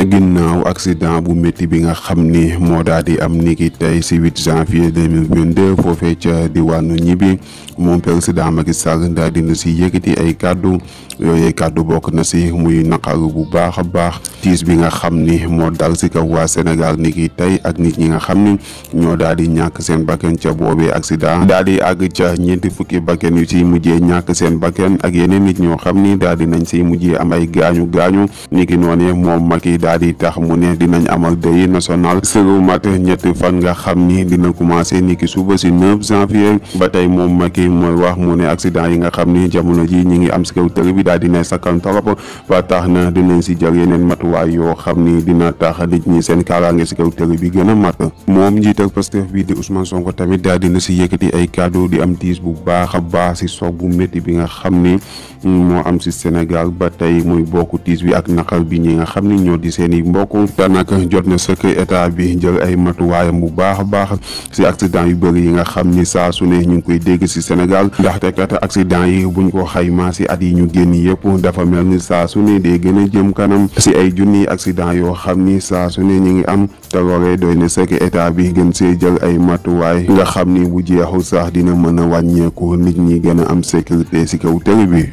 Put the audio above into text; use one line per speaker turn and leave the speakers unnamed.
ginnaaw accident bu métti bi nga xam ni moo daal di am niki tey si 8 janvier 2022 foofee ca diwaanu ñibbi moom président Macky Sall daal dina si yëkkati ay kàddu kàddu bokk na si muy naqaru bu baax a baax tiis bi nga xam ni moo dal si kaw waa Sénégal niki tey ak nit ñi nga xam ni ñoo daal di ñàkk seen bakkan ca boobee daal di àgg ca ñeenti fukki bakkan yu si mujjee ñàkk seen bakkan ak yeneen nit ñoo xam ni daal di nañ si mujjee am ay gaañu gaañu niki noonu moom Macky daal di tax mu ne dinañ amal deuil national sëgu mat ñetti fan nga xam ni dina commencé ni ki suba si 9 janvier ba tey moom Macky mooy wax mu ne accident yi nga xam ni jamono ji ñi ngi am si kaw tëri bi daal dina sakkan torop ba tax na dinañ si jël yeneen matuwaay yoo xam ni dina tax nit ñi seen kaaraange si kaw tëri bi gën a mat moom njiital Pastef bi di Ousmane Sonko tamit daal dina si yëkkati ay kàddu di am tiis bu baax a baax si soog bu métti bi nga xam ni moo am si Sénégal ba tey muy bokk tiis bi ak naqar bi ñi nga xam ni ñoo di seen i mbokk te nag jot na sëkk état bi jël ay matuwaayam bu baax a baax si accident yu bëri yi nga xam ni saa su ne ñu ngi koy dégg si Sénégal ndaxte kat accident yi buñ ko xaymaa si at yi ñu génn yëpp dafa mel ni saa su ne day gën a jëm kanam si ay junniy accident yoo xam ni saa su ñu ngi am te loolee doy état bi gën see jël ay matuwaay nga xam ni bu jeexul sax dina mën a wàññeeku nit ñi gën a am sécurité si kaw télé bi